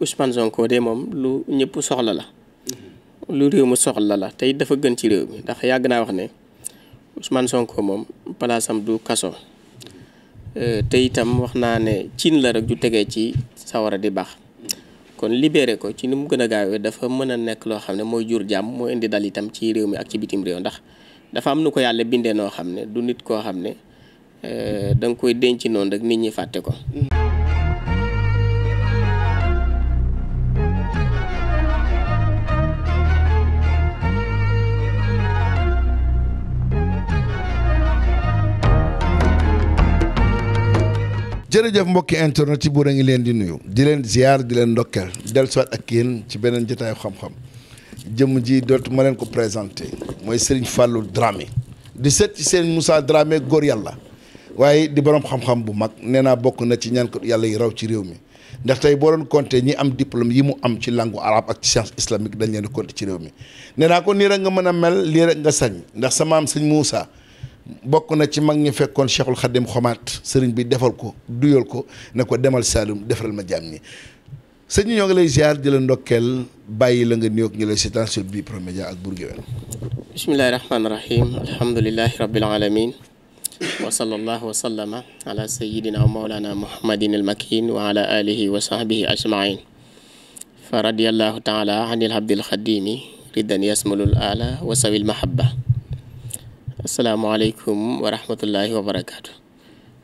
Ousmane Sonko de moom lu ñëpp soxla la lu réew mi soxla la tey dafa gën ci réew mi ndax yàgg naa wax ne Ousmane Sonko moom palaasam du kaso euh, tey itam wax naa ne cin la rek ju tegee ci sawara di baax kon libéré ko ci ni mu gën a gaawee dafa mën a nekk loo xam ne mooy jur jàmm moo indi dal itam ci réew mi ak ci bitim réew ndax dafa am nu ko yàlla bindee noo xam ne du nit koo xam ne euh, da nga koy denc noonu rek nit ñi fàtte ko jërëjëf mbokki internet yi buur a ngi leen di nuyu di leen ziar di leen ndokkeel dellusiwaat ak yéen ci beneen jotaayu xam-xam jëm ji dootu ma leen ko présenté mooy Serigne fàllu Dramé di seet ci Serigne Moussa Dramé góor yàlla waaye di borom xam-xam bu mag nee naa bokk na ci ñaan ko yàlla yi raw ci réew mi ndax tey boo doon compter ñi am diplôme yi mu am ci langue arabe ak ci science islamique dañ leen di ci réew mi nee naa ko nii rek nga mën a mel lii rek nga sañ ndax sama am Serigne Moussa. bokk na ci mag ñi fekkoon cheikhul xadim xomaat sëriñ bi defal ko duyal ko ne ko demal Saalum defaral ma jaam ñi sëñ ñoo ngi lay ziar di la ndokkeel bàyyi la nga nuyoog ñu lay seetaan sur bi promédia ak Bour Gueweul bismillahi rahmaani rahim alhamdulilahi rabbil alamin wa sallallahu wa sallama ala sayidina wa mawlana muhammadin almakin wa ala alihi wa sahbihi ajmain fa radiallahu taala anil abdil xadimi riddan yasmalul ala wa sawil mahabba asalaamaaleykum wa rahmatullahi wa barakaatu.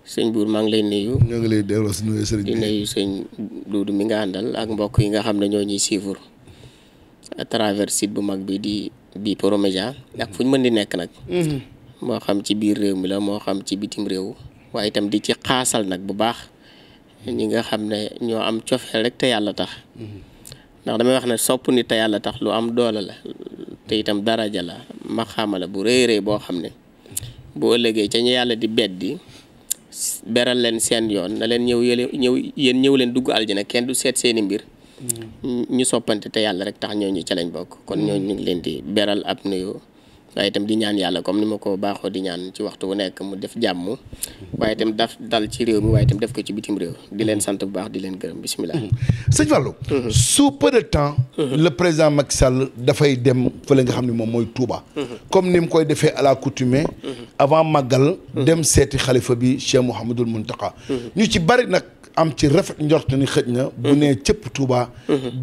sëñ buur maa ngi lay nuyu. ñoo ngi lay delloo si nuyu sëriñ Duudu mi nga àndal ak mbokk yi nga xam ne ñoo ñuy suivre à bu mag bi di bi Média ak fu ñu mën di nekk nag. Mm-hmm. moo xam ci biir réew mi la moo xam ci bitim réew. waaye itam di ci xaasal nag bu baax ñi nga xam ne ñoo am cofeel rek te yàlla tax. Mm-hmm. ndax damay wax ne sopp nit te yàlla tax lu am doole la te itam daraja la maxamala bu rëy boo xam ne bu ëllëgee ca ñu yàlla di beddi beral leen seen yoon na leen ñëw yële ñëw yéen ñëw leen dugg aljana kenn du seet seeni mbir mm. ñu soppante te yàlla rek tax ñooñu ca lañ bokk kon ñooñu ñu ngi leen di beral ab nuyoo waaye tam di ñaan yàlla comme ni ma ko baaxoo di ñaan ci waxtu wu nekk mu def jàmm waaye itam daf dal ci réew mi waaye tam def ko ci bitim réew di leen sant bu baax di leen gërëm bisimilah. Mm-hmm. sëñ Fallou. Mm-hmm. su peu de temps. Mm-hmm. le président Macky Sall dafay dem fële nga xam ne moom mooy Touba. comme ni mu koy defee à la avant màggal. dem seeti xalifa bi Cheikh Mouhamadul Mountakha. ñu ci bari nag. am ci rafet njort ni xëj na. bu nee cëpp Touba.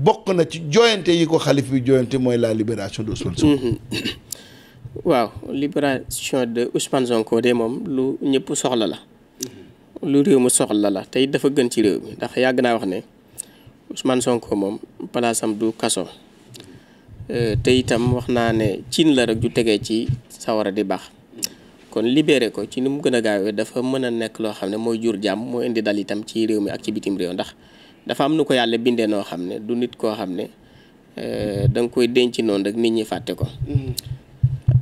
bokk na ci jooyante yi ko xalif bi jooyante mooy la libération de Ousmane waaw libération de Ousmane Sonko de moom lu ñëpp soxla la lu réew mi soxla la tey dafa gën ci réew mi ndax yàgg naa wax ne Ousmane Sonko moom palaasam du kaso euh, te itam wax naa ne cin la rek ju tegee ci sawara di baax kon libéré ko ci ni mu gën a gaawee dafa mën a nekk loo xam ne mooy jur jàmm moo indi dal itam ci réew mi ak ci bitim réew ndax dafa am nu ko yàlla bindee noo xam ne du nit koo xam ne euh, da nga koy denc noonu rek nit ñi fàtte ko. Mm-hmm.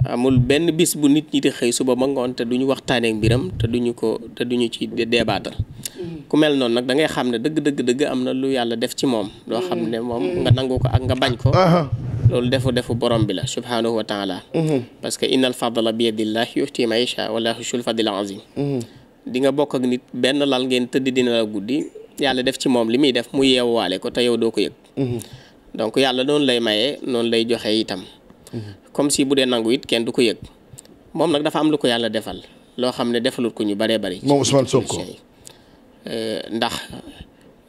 amul benn bis bu nit ñi di xëy suba ba ngoon te duñu waxtaanee mbiram te duñu ko te duñu ci débattre mm-hmm. ku mel noonu nag da ngay xam ne dëgg dëgg dëgg am na lu yàlla def ci moom loo xam ne moom mm-hmm. nga nangu ko ak nga bañ ko uh-huh. loolu defu defu borom bi la subhaanahu wa taala mm-hmm. parce que innal fadla bi yadillah yuhti man yasha wala yushul fadil di nga bokk ak nit benn lal ngeen tëdd dina la guddi yàlla def ci moom li muy def mu yeewaale ko te yow doo ko yëg donc yàlla noonu lay mayee noonu lay joxe itam comme si bu dee nangu it kenn du ko yëg moom nag dafa am lu ko yàlla defal loo xam ne defalut ko ñu bëree bëri. moom Ousmane Sonko euh, ndax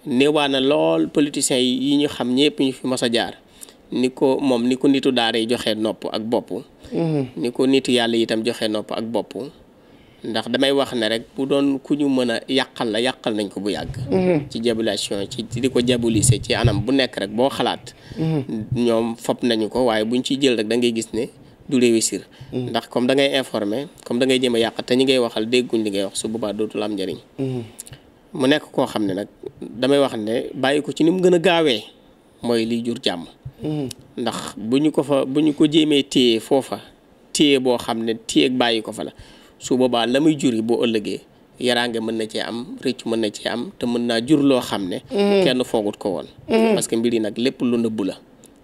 néewaa lool politiciens yi ñu xam ñëpp ñu fi mos a jaar ni ko moom ni ko nitu daara yi joxe nopp ak bopp. Mm-hmm. ni ko nitu yàlla itam joxe nopp ak bopp. ndax damay wax ne rek bu doon ku ñu mën a yàqal la yàqal nañ ko bu yàgg mhm. ci diabolisation ci di ko diaboliser ci anam bu nekk rek boo xalaat mhm. ñoom fob nañu ko waaye buñ ciy jël rek da ngay gis ne du réussir mhm. ndax comme da ngay informer comme da ngay jéem a yàq te ñu ngay waxal dégguñ li ngay wax su boobaa dootul am njëriñ mu nekk koo xam ne nag damay wax ne bàyyi ko ci ni mu gën a gaawee mooy liy jur jàmm ndax bu ñu ko fa bu ñu ko jéemee téye foofa téye boo xam ne téye bàyyi ko fa la su boobaa la muy jur yi boo ëllëgee yaraange mën na cee am rëcc mën na cee am te mën naa jur loo xam ne. Mm-hmm. kenn foogut ko woon. Mm-hmm. parce que mbir yi nag lépp lu nëbbu la.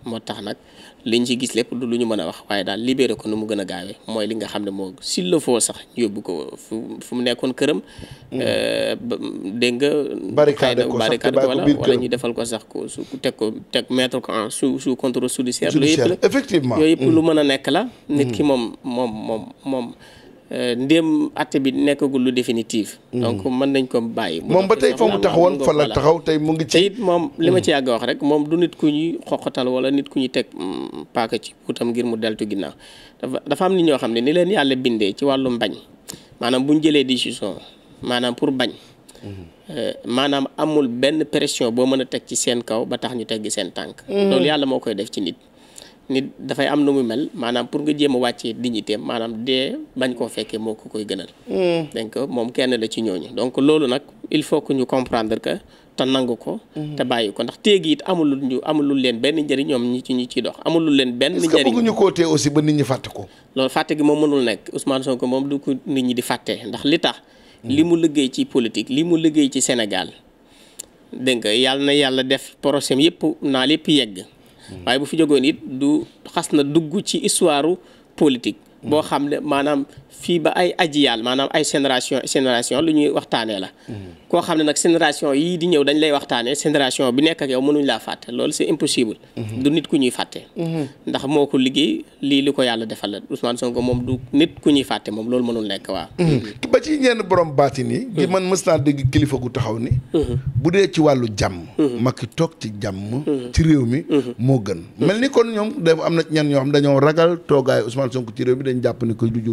moo tax nag li liñ ci gis lépp du lu ñu mën a wax waaye daal libéré ko nu mu gën a gaawee mooy li nga xam ne moo s'il le faut sax yóbbu ko fu fu mu nekkoon këram. Mm-hmm. Euh, dégg nga. barricade ko sax wala wala ñu defal ko sax ko su teg ko teg mettre ko en su su contrôle judiciaire. judiciaire effectivement yooyu yëpp lu mm. mën a nekk la. nit ki mm. moom moom moom moom. Euh, ndéem atte bi nekkagul lu définitif. Mm-hmm. donc mën nañ koo bàyyi. moom ba tey fa mu taxawoon fa la taxaw tey mu ngi ci. te it moom li ma ci mm-hmm. yàgg wax rek moom du nit ku ñuy xoqatal wala nit ku ñu teg mm, paaka ci kuutam ngir mu deltu ginnaaw dafa dafa am ni ñoo xam ne ni leen yàlla bindee ci wàllum bañ maanaam bu ñu jëlee décision maanaam pour bañ. Mm-hmm. Euh, maanaam amul benn pression boo mën a teg ci seen kaw ba tax ñu teggi seen tànk. loolu yàlla moo koy def ci nit. nit dafay am nu mu mel maanaam pour nga jéem a wàccee dignité maanaam dee bañ koo fekkee moo ko koy gënal. Hmm. donc moom kenn la ci ñooñu donc loolu nag il faut que ñu comprendre que te nangu ko. Hmm. te bàyyi ko ndax téegi it amulul ñu amulul leen benn njëriñ ñi ci ñu ciy dox amulul leen benn. njëriñ est-ce que bëgguñu koo tee aussi ba nit ñi fàtte ko. loolu fàtte gi moom mënul nekk Ousmane Sonko moom du ko nit ñi di fàtte ndax li tax. Hmm. li mu liggéey ci politique li mu liggéey ci Sénégal dégg nga yàlla na yàlla def procès yëpp naal yëpp yegg waaye bu fi jegoon it du xas na dugg ci histoire politique. boo xam ne maanaam fii ba ay ajiyaal maanaam ay génération génération lu ñuy waxtaanee la. koo xam ne nag génération yii di ñëw dañ lay waxtaanee sénération bi nekk ak yow mënuñ laa fàtte loolu c'est impossible. Mhm. du nit ku ñuy fàtte. Mhm. ndax moo ko liggéey lii li ko yàlla defal la Ousmane Sonko moom du nit ku ñuy fàtte moom loolu mënul nekk waa mhm. ba ci ñenn borom baatin yi. di man mës naa dégg kilifa gu taxaw ni. bu dee ci wàllu jàmm. Macky toog ci jàmm. ci réew mi moo gën. mel ni kon ñoom dafa am na ñenn ñoo xam dañoo ragal toogaayu Ousmane Sonko ci réew jàpp ne ko du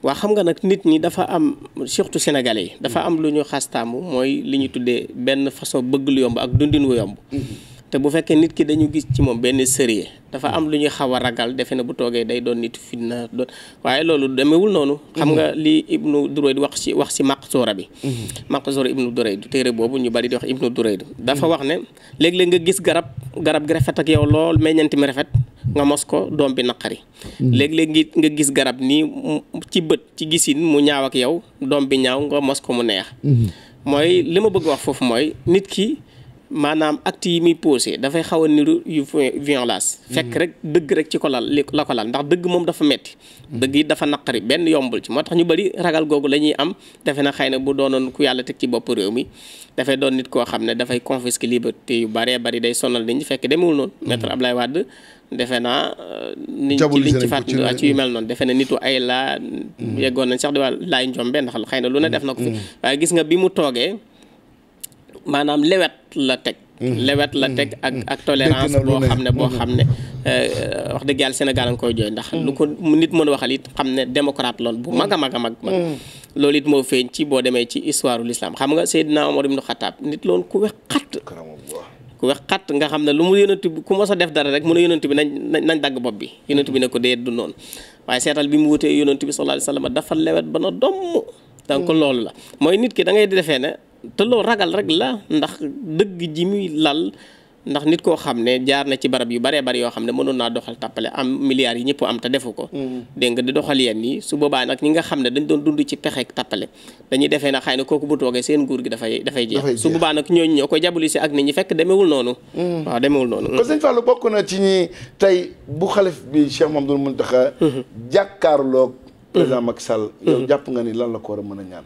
waa xam nga nag nit ñi dafa am surtout sénégalais yi dafa am lu ñu xastaamu mooy li ñu tuddee benn façon bëgg lu yomb ak dundin wu yomb mm-hmm. te bu fekkee nit ki dañu gis ci moom benn sérieux dafa am lu ñuy xaw a ragal defe ne bu toogee day doon nit fitna doon waaye loolu demewul noonu xam nga li ibnu Durayd wax ci wax ci Maqsura bi mhm. Maqsura ibnu Durayd téere boobu ñu bari di wax ibnu Durayd dafa wax ne léeg-léeg nga gis garab garab gi rafet ak yow lool meññeent mi rafet nga mos ko doom bi naqari mhm. léeg-léeg nga gis garab ni ci bët ci gisin mu ñaaw ak yow doom bi ñaaw nga mos ko mu neex mhm. li ma bëgg wax foofu mooy nit ki maanaam acte yi muy posé dafay xaw a niru yu violence mm-hmm. fekk rek dëgg rek ci ko lal la ko lal ndax dëgg moom dafa metti mm-hmm. dëgg yi dafa naqari benn yombul ci moo tax ñu bari ragal googu lañuy am defe na xëy na bu doonoon ku yàlla teg ci bopp réew mi dafay doon nit koo xam ne dafay confisquer liberté yu baree bari day sonal nit ñi fekk demewul noonu mm-hmm. maître Ablaye Wade defe naa euh, niñ ci liñ ci yu mel noonu defe na nitu ay laa yeggoon nañ sax di waa laay njombe ndax xëy na lu ne def na ko fi waaye gis nga bi mu toogee maanaam lewet la teg mm-hmm. lewet la teg ak mm-hmm. ak tolérance boo xam ne boo mm-hmm. xam ne euh, wax dëgg yàlla Sénégal nga koy jooy ndax lu ko nit mën waxal it xam ne démocrate lool bu mag a mag a mag mag loolu it moo feeñ ci boo demee ci histoire u l'islam xam nga Seydina Omar ibn Khattab nit loon ku wex xatt ku wex xat nga xam ne lu mu yonent bi ku mos a def dara rek mu ne yonent bi nañ nañ dagg bopp bi yonent bi ne ko dee du noonu waaye seetal bi mu wutee yonent bi sallallahu alayhi wasallam dafa lewet ba na domm donc loolu la mooy nit ki da ngay defee ne te loolu ragal rek la ndax dëgg ji muy lal ndax nit koo xam ne jaar na ci barab yu baree bari yoo xam ne mënoon naa doxal tàppale am milliards yi ñëpp am te defu ko mm-hmm. dégg nga di doxal yenn yi su boobaa nag ñi nga xam ne dañ doon dund ci pexeek tappale dañuy defee na xëy na kooku bu toogee seen nguur gi dafay dafay jeex su boobaa nag ñooñu ñoo koy jabuli si ak ni ñi fekk demeewul noonu mm-hmm. waaw demeewul noonu kon sëñ Fallou bokk na ci ñi tey bu xalif bi Cheikh Mamadou Mountakha mm-hmm. jàkkaarloog président Macky Sall jàpp nga ni lan la ko mën a ñaan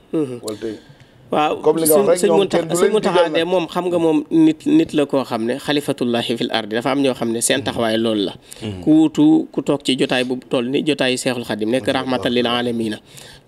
waaw comme li nga wax rek ñoom kenn moom xam nga moom nit nit la koo xam ne xalifatullahi fil ardi dafa am ñoo xam ne seen mm-hmm. taxawaay loolu la mm-hmm. ku wuutu ku toog ci jotaay bu toll ni jotaayu Seexul Xadim nekk rahmatan lil na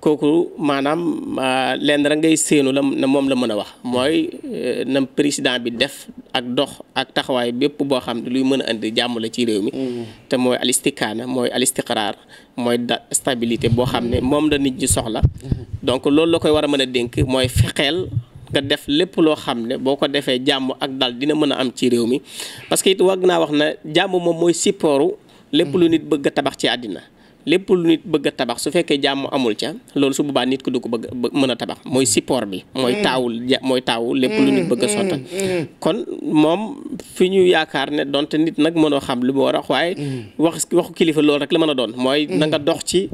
kooku maanaam ah, lenn rek ngay séenu la na moom la mën a wax mooy eh, na président bi def ak dox ak taxawaay bépp boo xam ne luy mën a indi jàmm la ci réew mi mm. te mooy alistikaana mooy alistiqraar mooy da stabilité boo xam ne moom la nit ñi soxla mm-hmm. donc loolu la koy war a mën a dénk mooy fexeel nga def lépp loo xam ne boo ko defee jàmm ak dal dina mën a am ci réew mi parce que it wag naa wax na jàmm moom mooy sippooru lépp lu mm. nit bëgg a tabax ci àddina lépp lu nit bëgg a tabax su fekkee jàmm amul ca loolu su boobaa nit ko du ko bëgg mën a tabax mooy support bi mm. mooy taawul mooy taawul lépp lu nit mm. bëgg a sottal mm. kon moom fi ñu yaakaar ne donte nit nag mënoo xam li mu war a wax waaye waxu kilifa loolu rek la mën a doon mooy nanga dox ci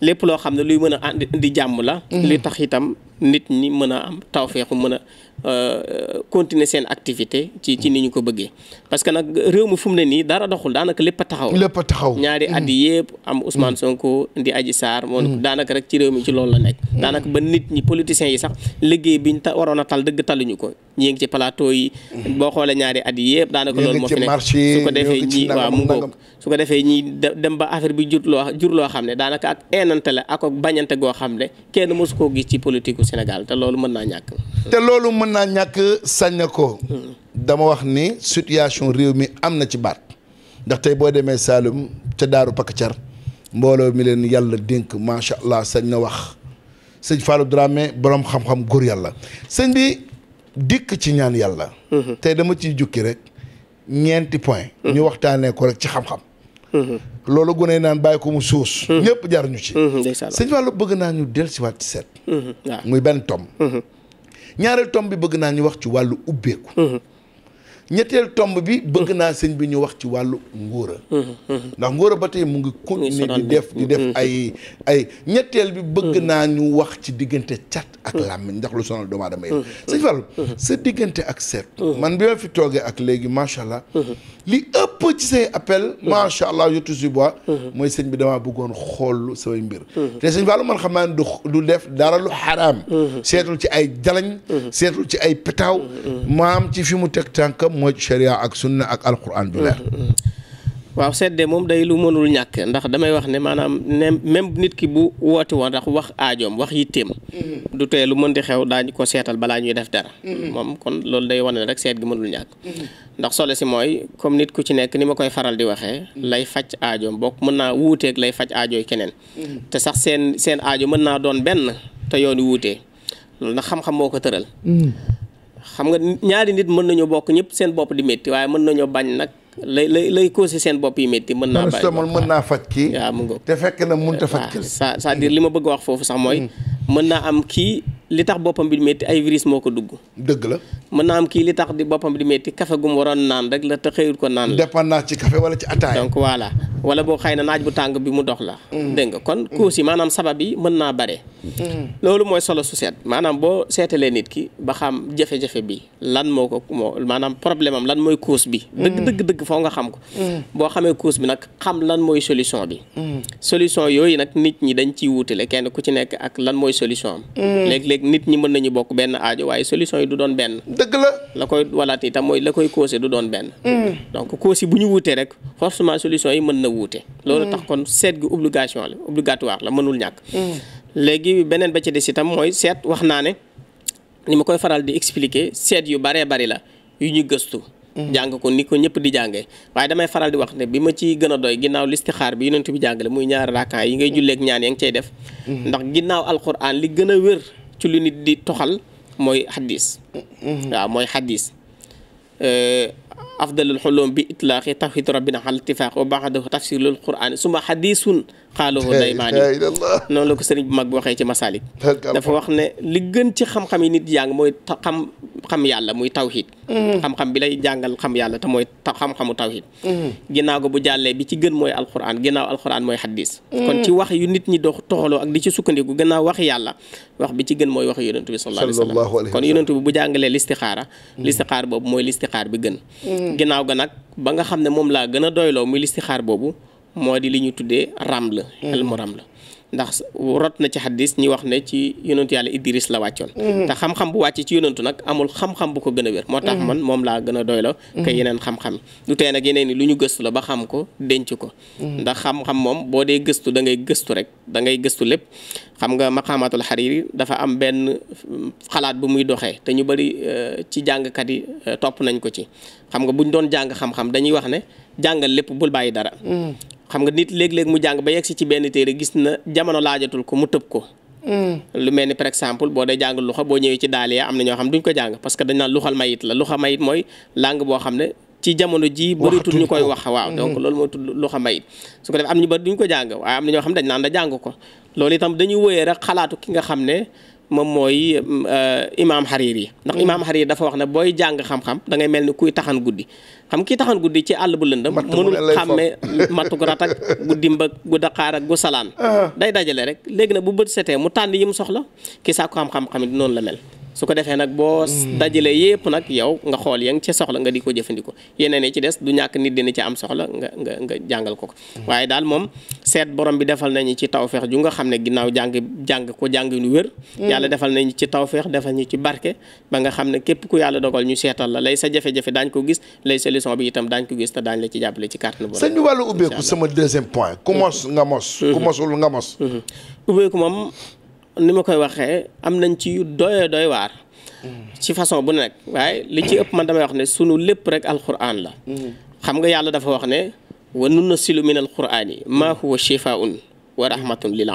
lépp loo xam ne luy mën a andi jàmm la li tax itam nit ñi mën a am taw feexu mën a euh, euh, continuer seen activité ci ci ni ñu ko bëggee parce que nag réew mi fu mu ne nii dara doxul daanaka lépp taxaw. lépp a taxaw ñaari at mm. yi yëpp am Ousmane mm. Sonko ndi Adji Sarr. moom mm. daanaka rek ci réew mi ci loolu la nekk. daanaka ba nit ñi politiciens yi sax liggéey bi ñu ta waroon a tal dëgg taluñu ko ñii ngi ci plateau yi. boo xoolee ñaari at yi yëpp daanaka loolu moo fi nekk su ko defee ñii su ko defee ñii dem ba affaire bi jur loo jur loo xam ne daanaka ak eenante la ak bañante goo xam ne kenn mosu koo gis ci politique Sénégal te loolu mën naa ñàkk. te loolu mën naa ñàkk sañ na ko. dama wax ni situation réew mi am na ci baat ndax tey boo demee Saalum ca Daaru Pakkacar mbooloo mi leen yàlla dénk macha allah sañ na wax sëñ Fallou Dramé borom xam-xam góor yàlla sëñ bi dikk ci ñaan yàlla. Mhm. tey dama ciy jukki rek ñeenti point mhm. ñu waxtaanee ko rek ci xam-xam. Mm-hmm. loolu gone naan bàyyi ko mu suus. Mm-hmm. ñëpp jar ñu ci. Mm-hmm, sëñ Fallou bëgg naa ñu dellusiwaat ci set muy benn tom. ñaareel tom bi bëgg naa ñu wax ci wàllu ubbeeku. ñetteel tomb bi bëgg naa sëñ bi ñu wax ci wàllu ngóora ndax ngóora ba tey mu ngi continuer di def di def ay ay ñetteel bi bëgg naa ñu wax ci diggante cat ak làmmiñ ndax lu sonal doomu aadama yi sëñ Fall sa diggante ak seet man bi ma fi toogee ak léegi macha allah li ëpp ci say appel allah je te mooy sëñ bi damaa bëggoon xool samay mbir te sëñ Fall man xam du du dara lu xaraam ci ay jalañ ci ay petaaw maam ci fi mu teg tànkam mooy sharia ak sunna ak alquran ju leer mm-hmm. waaw sedde moom day lu mënul ñàkk ndax damay wax ne maanaam ne même nit ki bu woote woon ndax wax aajoom wax yitteem mm-hmm. du tee lu mën di xew daañu ko seetal balaa ñuy def dara mm-hmm. moom kon loolu day wane rek seet gi mënul ñàkk ndax solo si mooy comme nit ku ci nekk ni ma koy faral di waxee lay faj aajoom bokk mën naa wuuteeg lay faj aajooy keneen te sax seen seen aajo mën naa doon benn te yoon wuutee loolu nag xam-xam moo ko tëral xam nga ñaari nit mën nañu bokk ñëpp seen bopp di métti waaye mën nañoo bañ nag lay lay lay causé seen bopp yi métti mën naa bañ mën naa faj kii waaw te fekk na mënut a faj ah, kii c'est-à-dire li ma bëgg a wax foofu sax mooy hmm. mën naa am kii li tax boppam bi di métti ay virus moo ko dugg. dëgg la mën naa am kii li tax di boppam bi di métti kafe gu mu waroon naan rek la te xëyul ko naan la. dépendance ci kafe wala ci ataaya. donc voilà wala boo xëy na naaj bu tàng bi mu dox la. Mm. dégg nga kon mm. causes yi maanaam sabab yi mën naa bare. Mm. loolu mooy solo su set maanaam boo seetalee nit ki ba xam jafe-jafe bi lan moo ko moo maanaam problème am lan mooy cause bi. dëgg dëgg dëgg foo nga xam ko. boo xamee cause bi nag xam lan mooy solution bi. solution yooyu nag nit ñi dañ ciy wuutale kenn ku ci nekk ak lan mooy solution am. léeg-léeg nit ñi mën nañu bokk benn aajo waaye solution yi du doon benn. dëgg la la koy walaat itam mooy la koy causé du doon benn. Mm. donc cause yi bu ñu wutee rek forcément solution yi mën na wuute. loolu mm. tax kon seet gi obligation la obligatoire la mënul ñàkk. Mm. léegi beneen ba ci des itam mooy seet wax naa ne ni ma koy faral di expliquer seet yu baree bari la yu ñu gëstu. jàng ko ni ko ñëpp di jàngee waaye damay faral di wax ne bi ma ci gën a doy ginnaaw listixaar bi yonent bi jàngale muy ñaari raakaan yi ngay julleeg ñaan ya ngi cay def ndax ginnaaw alquran li gën a wér ci lu nit di toxal mooy xaddis mm-hmm. waaw mooy xaddis euh, afdalul xulum bi itlaaqi tawxid rabbina xal itifaaq wa baxadahu tafsirul quraan suma xadisun xaalahu daymaani noonu la ko sëriñ bu mag bi waxee ci masaalik dafa wax ne li gën ci xam-xam yi nit jàng mooy xam xam yàlla muy tawxid xam-xam bi lay jàngal xam yàlla te mooy xam-xamu tawxid ginnaaw ko bu jàllee bi ci gën mooy alquran ginnaaw alquran mooy xadis mm. kon ci wax yu nit ñi dox toxaloo ak di ci sukkandiku gannaaw wax yàlla wax bi ci gën mooy wax yonentu bi sallallahu alayhi wa sallam kon yonentu bi bu jàngalee listixaara mm. boobu mooy listixaar bi gën mm. Mm. ginnaaw ga nag ba nga xam ne moom laa gën a doyloo muy listixaar boobu moo di li ñu tuddee raml mm. xel mu la ndax rot na ci xaddis ñi wax ne ci yonentu yàlla Idris la wàccoon mm-hmm. te xam-xam bu wàcc ci yonentu nag amul xam-xam bu ko gën a wér moo tax mm-hmm. man moom laa gën a doy la ka yeneen xam-xam lu tey nag yeneen ni lu ñu gëstu la ba xam ko denc ko mm-hmm. ndax xam-xam moom boo dee gëstu dangay gëstu rek da ngay gëstu lépp xam nga maqaamatul xariri dafa am benn mm, xalaat bu muy doxee te ñu bari euh, ci jàngkat yi euh, topp nañ ko ci xam nga buñ doon jàng xam-xam dañuy wax ne jàngal lépp bul bàyyi dara xam nga nit léeg-léeg mu jàng ba yegg ci benn téere gis na jamono laajatul ko mu tëb ko. Mm. lu mel ni par exemple boo dee jàng luxa boo ñëwee ci daaliya am na ñoo xam duñ ko jàng parce que dañ naan luxal mayit la luxa mayit mooy langue boo xam ne ci ñu koy wax waaw mm. donc loolu mooy tudd luxa mayit su ko defee am ñu bëri duñ ko jàng waaye am na ñoo xam dañ naan da jàng ko loolu itam dañuy wëyee rek xalaatu ki nga xam ne moom mooy euh, imaam Hariri ndax imaam yi dafa wax na booy jàng xam-xam da ngay mel ni kuy taxan guddi xam kii taxan guddi ci àll bu lëndëm mënul xàmme mattuk ratak gu dimbak gu daqaar ak gu salaan ah. day dajale rek léegi nag bu bët setee mu tànn yi mu soxla kii saako xam-xam-xamit noonu la mel su ko defee nag boo mm. dajalee yépp nag yow nga xool ya nga ca soxla nga di ko jëfandikoo yeneen ci des du ñàkk nit dina ci am soxla nga nga nga jàngal ko ko mm. waaye daal moom seet borom bi defal nañu ci tawfeex ju nga xam ne ginnaaw jàng jàng ko jàng nu wér mm. yàlla defal nañu ci tawfeex defal ñu ci barke ba nga xam ne képp ku yàlla dogal ñu seetal la lay sa jafe-jafe daañ ko gis lay sa leçon bi itam daañ ko gis te daañ la ci jàppale ci carte borom sañu wàllu ubbeeku sama deuxième point ku mm-hmm. mos nga mos ku mm-hmm. nga mos mm-hmm. ni ma koy waxee am nañ ci yu doyoo doy waar. ci façon bu nekk waaye li ci ëpp man damay wax ne sunu lépp rek alquran la. xam nga yàlla dafa wax ne. wa nunazzilu min alqurani maa huwa shifaun wa rahmatun lil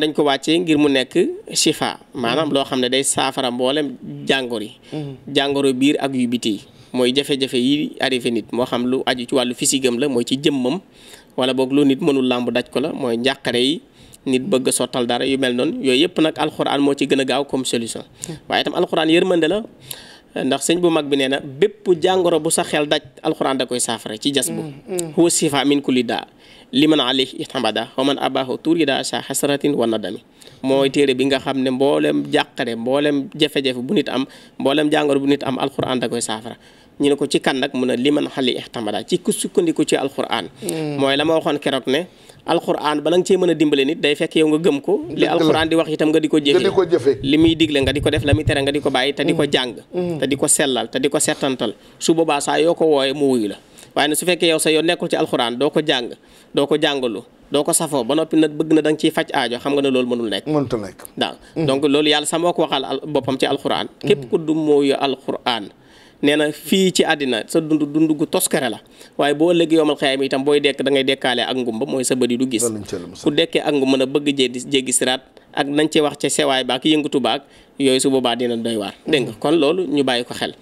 dañ ko wàccee ngir mu nekk shifa maanaam loo xam ne day saafara mboolem jàngoro yi. jàngoro biir ak yu biti mooy jafe-jafe yi arrivé nit moo xam lu aju ci wàllu physique la mooy ci jëmmam wala boog lu nit mënul làmb daj ko la mooy njàqare yi. nit bëgg a sottal dara yu mel noonu yooyu yëpp nag alxuraan moo ci gën a gaaw comme solution hmm. waaye itam alxuraan yërmande la ndax sëñ bu mag bi nee na bépp jàngoro bu sax xel daj alxuraan da koy saafara ci jas bu hmm, hmm. huwa sifa min kulli daa liman alayhi hamada wa man abahu turida sa hasratin wa nadami mooy téere bi nga xam ne mbooleem jàqare mboolem jafe bu nit am mboolem jàngoro bu nit am alxuraan da koy saafara ñu ne ko ci kan nag mun a liman xali ihtamada ci ku sukkandiku ci alxuraan mooy la ma waxoon ne alxuraan bala nga cee mën a dimbale nit day fekk yow nga gëm ko li alxuraan di wax itam nga di ko jëfe li muy digle nga di ko def la muy tere nga di ko bàyyi te di ko mm. jàng mm. te di ko sellal te di ko settantal su boobaa saa yoo ko wooye mu wuyu la waaye ne su fekkee yow sa yoon nekkul ci alxuraan doo ko jàng doo ko jàngalu doo ko safoo ba noppi nag bëgg na da ciy faj aajo xam nga ne loolu mënul nekk mënta nekk waaw mm. donc loolu yàlla sa moo ko waxal boppam ci alxuraan képp ku du mooyu alxuraan nee na fii ci àddina sa dund dund gu toskare la waaye boo ëllëgee yomal xayaam itam booy dekk da ngay dekkaale ak ngumba mooy sa bëri du gis ku dekkee ak ngumba na bëgg jéggi jéggi siraat ak nañ ci wax ca sewaay baak yëngatu baak yooyu su boobaa dina doy waar dégg nga kon loolu ñu bàyyi ko xel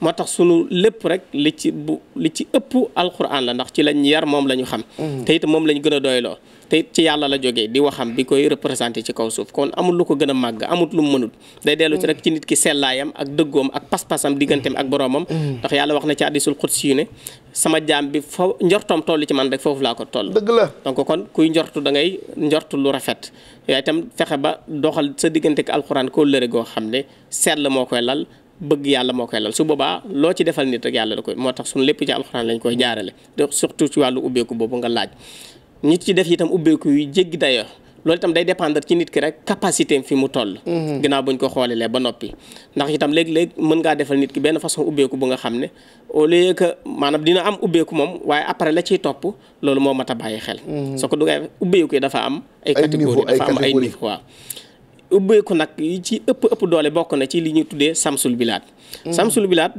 moo tax sunu lépp rek li ci bu li ci ëpp alxuraan la ndax ci lañ yar moom la ñu xam mm. te moom lañ gën a doyloo te ci yàlla la jógee di waxam bi koy représenté ci kaw suuf kon amul lu ko gën a màgg amut lu mu mënut day dellu ci rek ci nit ki sellaayam ak dëggoom ak pas-pasam digganteem ak boroomam mm. ndax yàlla wax na ci hadisul xudsi yu ne sama jaam bi fo njortoom toll ci man rek foofu laa ko toll bëgg la donc kon kuy njortu dangay njortu lu rafet yaay itam fexe ba doxal sa diggante ak alxuraan koo lëre goo xam ne la moo koy lal bëgg yàlla moo koy lal su boobaa loo ci defal nit rek yàlla la koy moo tax suñu lépp ci alxuraan lañ koy jaarale surtout ci wàllu ubbeeku boobu nga laaj nit ki def itam ubbeeku yu jéggi dayo loolu itam day dépendre ci nit ki rek capacité am fi mu toll. Mhm. ginnaaw bu ñu ko xoolee ba noppi. ndax tam léeg-léeg mën ngaa defal nit ki benn façon ubbeeku bu nga xam ne au lieu que maanaam dina am ubbeeku moom waaye après la ciy topp loolu moo mat a bàyyi xel. Mhm. soo ko duggee ubbeeku yi dafa am. ay catégorie dafa am ay niveau waaw. ubbeeku nag yi ci ëpp ëpp doole bokk na ci li ñuy tuddee samsul bilaat. Mhm. samsul bilaat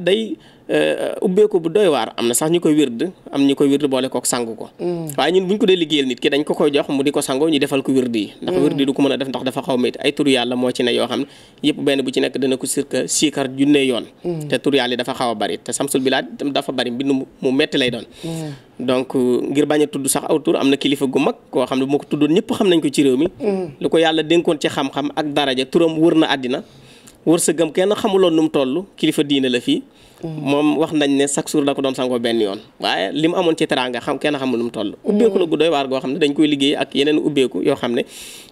Euh, ubbeeku bu doy waar am na sax ñu koy wird am ñu ko wird boole kook sangu ko mm. waaye ñun buñ ko dee liggéeyal nit ki dañ ko koy jox mu di ko sangoo ñu defal ko wird yi ndax mm. wird yi du ko mën a def ndax dafa xaw métti ay moo ci yoo xam ne yëpp benn bu ko sirka yoon mm. te turu yàlla dafa xaw a bari te samsul bilaad dafa bari mbind mu metti lay doon donc ngir bañ a tudd sax aw tur am na kilifa gu mag koo xam ne bu ma ko tuddoon ñëpp xam nañ ko ci réew mi lu ko yàlla dénkoon ci xam-xam ak daraja turam wër na àddina wërsëgam kenn xamuloon nu mu toll kilifa diine la fii moom wax nañ ne chaque jour da ko doon sangoo benn yoon waaye li mu amoon ci teraanga xam kenn xamul nu mu toll mm. ubbeeku la gu doy waar goo xam ne dañ koy liggéey ak yeneen ubbeeku yoo xam ne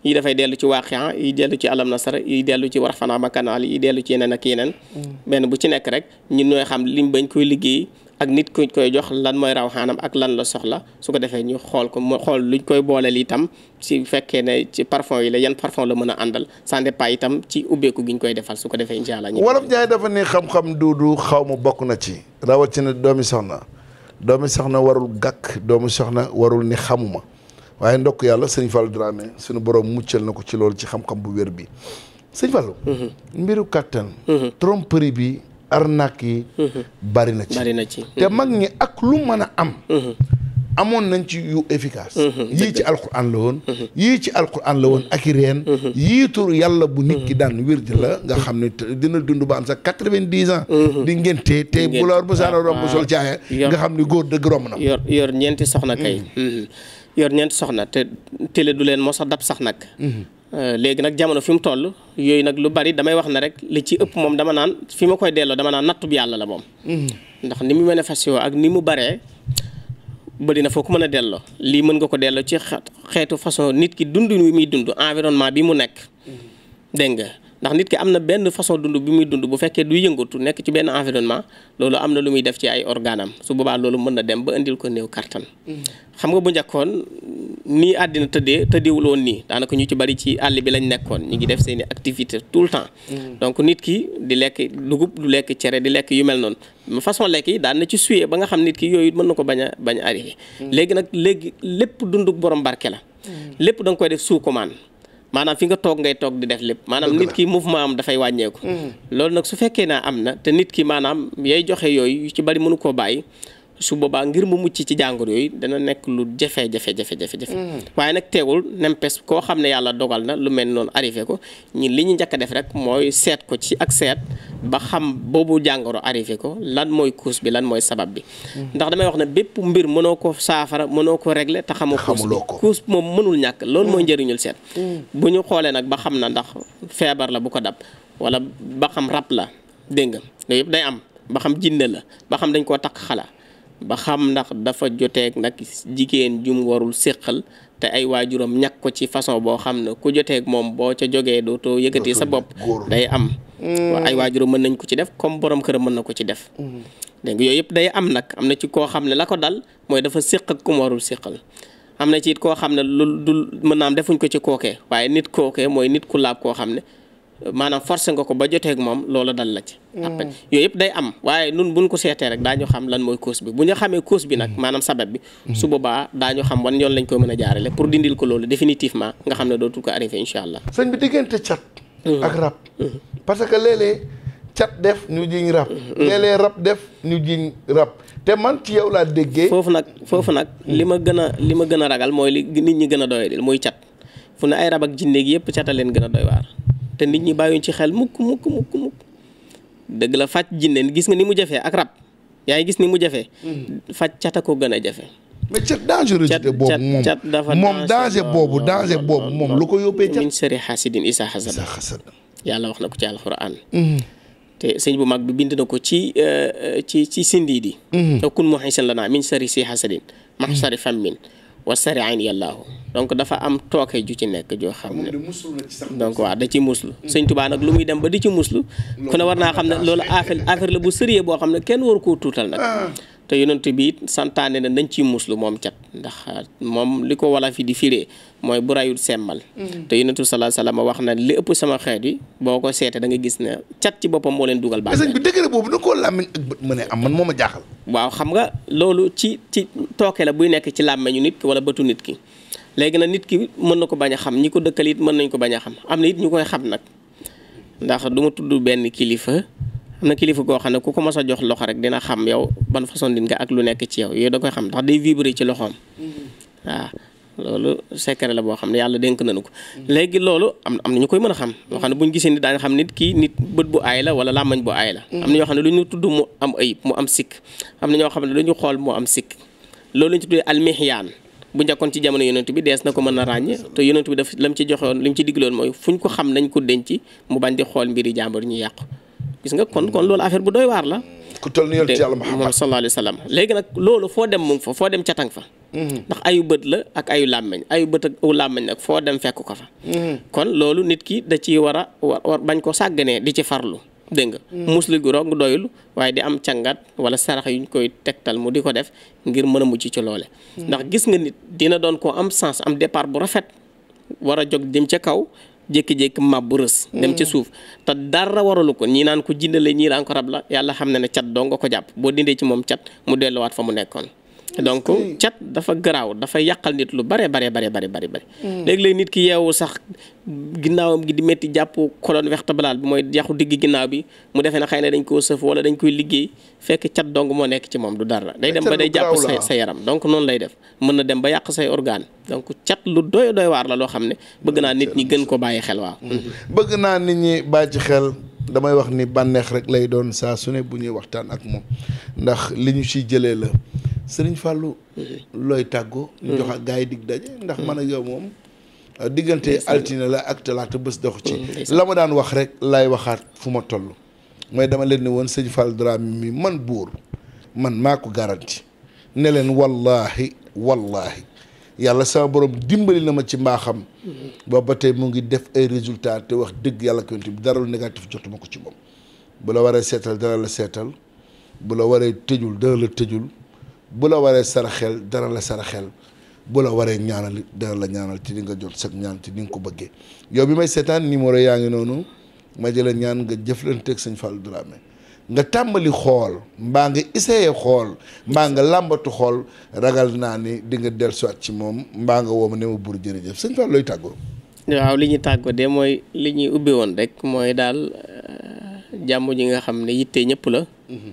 yi dafay dellu ci waaqia yi dellu ci alam nasara yi dellu ci warfanaa makanaal yi dellu ci yeneen ak yeneen mm. benn bu ci nekk rek ñun ñooy xam liñ bañ koy liggéey ak nit kuñ koy jox lan mooy raw xaanam ak lan la soxla su ko defee ñu xool ko mu xool luñ koy booleel itam si fekkee ne ci parfum yi la yan parfum la mën a àndal sans départ itam ci ubbeeku gi ñu koy defal su ko defee incha allah. wolof Njaay dafa ne xam-xam du xaw ma bokk na ci. rawatina doomi soxna doomi soxna warul gàkk doomi soxna warul ni xamuma waaye ndokk yàlla sëñ Fallou Dramé suñu boroom muccal na ko ci loolu ci xam-xam bu wér bi sëñ mhm. mhm. bi. arnaque yi mhm. bari na ci na ci te mag ñi ak lu mën a am mhm. amoon nañ ci yu efficace mhm. yii ci alquran la woon yii ci alquran la woon ak i reen yii tur yàlla bu nit ki daan wirdi la nga xam ne dina dund ba am sax quatre-vingt-dix ans di ngénte te bu loor bu saana romb ah, sol ah. caaya nga xam ni góor dëgg romb na yor yor ñeenti soxna kay mm. yor ñeenti soxna te télé du leen moo sax dab sax nag mm-hmm. Euh, léegi nag jamono fi mu toll yooyu nag lu bari damay wax ne rek li ci ëpp moom dama naan fi ma koy delloo dama naan nattub yàlla la moom. Mm-hmm. ndax ni mu manifesté ak ni mu baree bëri na foo ko mën a delloo. lii mën nga ko delloo ci xeetu façon nit ki dund wi muy dund environnement bi mu nekk mm-hmm. dégg nga. ndax nit ki am na benn façon dund bi muy dund bu fekkee du yëngatu nekk ci benn environnement loolu am na lu muy def ci ay organam su boobaa loolu mën na dem ba indil ko néew kartan mm-hmm. xam nga bu njëkkoon nii àddina tëddee tëddeewul woon nii daanaka ñu ci bari ci àll bi lañ nekkoon ñu ngi def seeni activité tout le temps mm-hmm. donc nit ki di lekk dugub du lekk cere di lekk yu mel noonu façon lekk yi daan na ci suyee ba nga xam nit ki yooyu mën na ko bañ a bañ a mm-hmm. léegi nag léegi lépp dunduk borom barke da nga koy def sous commande maanaam fi nga toog ngay toog di def lépp maanaam nit ki mouvement am dafay wàññeeku mm. loolu nag su fekkee naa am na te nit ki maanaam yay joxe yooyu yu ci bari mënu koo bàyyi su boobaa ngir mu mucc ci jàngoro yooyu dana nekk lu jafe jafe jafe mm-hmm. waaye nag teewul nempes koo xam ne yàlla dogal na lu mel noonu arrivé ko ñi li ñu njëkk a def rek mooy seet ko ci ak seet ba xam boobu jàngoro arrivé ko lan mooy cause bi lan mooy sabab bi mm-hmm. ndax damay wax ne bépp mbir mënoo ko saafara mënoo ko régler te xamoo cause bi moom mënul ñàkk loolu mooy mm-hmm. njëriñul seet bu ñu xoolee nag ba xam na ndax feebar la bu ko dab wala ba xam rab la dégg nga yëpp day am ba xam jinne la ba xam dañ koo takk xala ba xam ndax dafa joteeg nag jigéen jum warul séqal te ay waajuram ñàkk ko ci façon boo xam ne ku joteek moom boo ca jógee dootoo yëkkati sa bopp day am mm. ay waajuram mën nañ ko ci def comme borom këram mën na ko ci def mm. dégg yooyu yëpp day am nag am na ci koo xam ne la ko dal mooy dafa séq ak warul séqal am na ci it koo xam ne lu dul mën naa defuñ ko ci kookee waaye nit kookee mooy nit ku laab koo xam ne maanaam forcé nga ko ba joteeg moom loola dal la ci. Mm. après yooyu yëpp day am waaye nun buñ ko seetee rek daañu xam lan mooy cause bi bu ñu xamee cause bi nag mm. maanaam sabab bi. Mm. su boobaa daañu xam wan yoon lañ koy mën a jaarale pour dindil ko loolu définitivement nga xam ne dootul ko arrivé incha allah. sëñ bi diggante parce que léeg cat def ñu jiñ rab. léeg rab def ñu jiñ rab. te man ci yow laa déggee. foofu nag foofu nag li ma gën a li ma gën a ragal mooy li nit ñi gën a doyadil mooy cat fu ne ay rab ak jinne gi yëpp cat a leen gën a doy waar te nit ñi bàyyiwuñ ci xel mukk mukk mukk mukk dëgg la faj jinne gis nga ni mu jafee ak rab yaa gis ni mu jafee mm. faj cata ko gën a jafe mais cat dangerosité boobu moom cat dafa moom danger boobu danger boobu moom lu ko yóbbee cat min sari xaasidin isa xasad yàlla wax na ko ci alxuraan mm-hmm. te sëñ bu mag bi bind na ko ci euh, ci ci sindii di okun mm-hmm. moxi seen la naa min sari si xasadin maxsari fammin wa sarian yàllaahu donc dafa am tooke ju ci nekk joo xam ne donc waa da ci muslu mm. sëñ tubaa nag lu muy dem ba di ci muslu ku ne war naa xam ne loolu affaire affaire la bu sérieux boo xam ne kenn waru koo tuutal nag ah. te yonent bi it santaane na nañ ciy muuslu moom cat ndax euh, moom li ko wala fi di fiire mooy bu rayul semmal mm. te yonent bi salaa salaam wax na li ëpp sama xeet yi boo ko seetee da nga gis ne cat ci boppam moo leen dugal. baax bi dëgg boobu da koo man moo ma jaaxal. waaw xam nga loolu ci ci tooke la buy nekk ci làmmiñu nit ki wala bëtu nit ki léegi nag nit ki mën na ko bañ a xam ñi ko dëkkal it mën nañ ko bañ a xam am na it ñu koy xam nag ndax duma tudd benn kilifa. am na kilifa goo xam ne ku ko mos a jox loxo rek dina xam yow ban façon din ak lu nekk ci yow yooyu da koy xam ndax day vibrer ci loxoom mm-hmm. waaw loolu secret la boo xam ne yàlla dénk nañu ko léegi loolu am am na ñu koy mën a xam ñoo xam ne buñ gisee nit daañu xam nit kii nit bët bu aay la wala làmmañ bu aay la mm-hmm. am na ñoo xam ne lu ñu tudd mu am ayib mu am sikk am na ñoo xam ne lu ñu xool mu am sikk loolu ñu tuddee almihyaan bu njëkkoon ci jamono yonent bi dees na ko mën a ràññ te yonent bi la lam ci joxewoon lim ci digloon mooy fu ñu ko xam nañ ko denc mu bañ di xool mbiri jàmbur ñu yàqu gis nga kon kon loolu affaire bu doy waar la. ku toll nii yonent yàlla Muhammad sallallahu alayhi wa sallam léegi nag loolu foo dem mu ngi fa foo dem catang fa. Mhm. ndax ayu bët la ak ayu làmmeñ ayu bët ak ayu làmmeñ nag foo dem fekk ko fa. Mhm. kon loolu nit ki da ciy war a war bañ ko sàgganee di ci farlu. dégg nga mhm. musli gu rog doyul waaye di am càngat wala sarax ñu koy tegtal mu di ko def ngir mën a mucc ci loole ndax gis nga nit dina doon koo am sens am départ bu rafet war a jóg jëm ca kaw jékki-jékki mab bu rës dem ci mm. suuf te dara waralu ko ñii naan ko jinne la ñii naan ko rab la yàlla xam na ne cat doo nga ko jàpp boo dindee ci moom cat mu delluwaat fa mu nekkoon donc cat dafa garaaw dafa yàqal nit lu bare bare bare bare bare bare hmm. léeg-léeg nit ki yeewu sax ginnaawam gi di métti jàpp colonne vertébrale bi mooy yàqu digg ginnaaw bi mu defee na xay na dañ koo sëf wala dañ koy liggéey fekk cat dong moo nekk ci moom du dara day dem ba day jàpp sa sa yaram donc noonu lay def mën na dem ba yàq say organe donc cat lu doy doy waar la loo xam ne bëgg naa nit ñi gën ko bàyyi xel waaw hmm. bëgg naa nit ñi bàyyi ci xel damay wax ni bànneex rek lay doon saa su ne bu ñuy waxtaan ak moom ndax li ñu ci jëlee la sëriñ fàllu looy tàggoo ñu jox ak gars yi dig daje ndax man a yow moom diggante altine la ak talaata bés dox ci la ma daan wax rek lay waxaat fu ma toll mooy dama leen ne woon sëñ Fall Dramé mi man buur man maa ko garanti ne leen wallaahi wallaahi yàlla sama borom dimbali na ma ci mbaaxam. booba tey mu ngi def ay résultats te wax dëgg yàlla ko yonent bi dara lu négatif jotuma ko ci moom. bu la waree seetal dara la seetal bu la waree tëjul dara la tëjul bu la waree saraxel dara la saraxel bu la waree ñaanal dara la ñaanal ci li nga jot sag ñaan ci ni nga ko bëggee yow bi may seetaan numéro yaa ngi noonu ma jëla ñaan nga jëflanteeg sëñ Fallou Dramé. nga tàmbali xool mbaa nga essayé xool mbaa nga làmbatu xool ragal naa ni di nga dellusiwaat moom mbaa nga woo ma ne ma bur jërëjëf sëñ Fall looy tàggoo. waaw li ñu tàggoo de mooy li ñuy ubbi woon rek mooy daal euh, jàmm ji nga xam ne yitte ñëpp la. Mhm.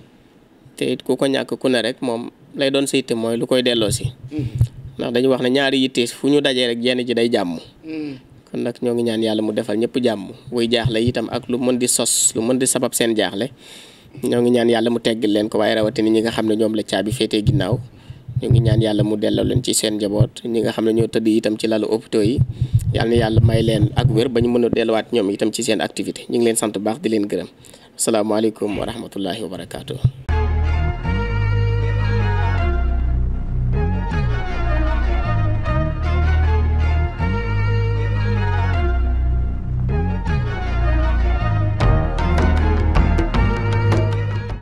te it ku ko ñàkk ku ne rek moom lay doon sa yitte mooy lu koy delloo si. Mhm. ndax dañu wax ne ñaari yitte fu ñu dajee rek jenn ji day jàmm. Mhm. kon nag ñoo ngi ñaan yàlla mu defal ñëpp jàmm buy jaaxle itam ak lu mën di sos mën di sabab seen jaaxle. ñoo ngi ñaan yàlla mu tegg leen ko waaye rawatina ñi nga xam ne ñoom la caabi féetee ginnaaw ñoo ngi ñaan yàlla mu delloo leen ci seen njaboot ñi nga xam ne ñoo tëdd itam ci lalu hôpitaux yi yàlla na yàlla may leen ak wér ba ñu mën a delluwaat ñoom itam ci seen activité ñu ngi leen sant baax di leen gërëm asalaamaaleykum wa rahmatullahi wa barakaatu.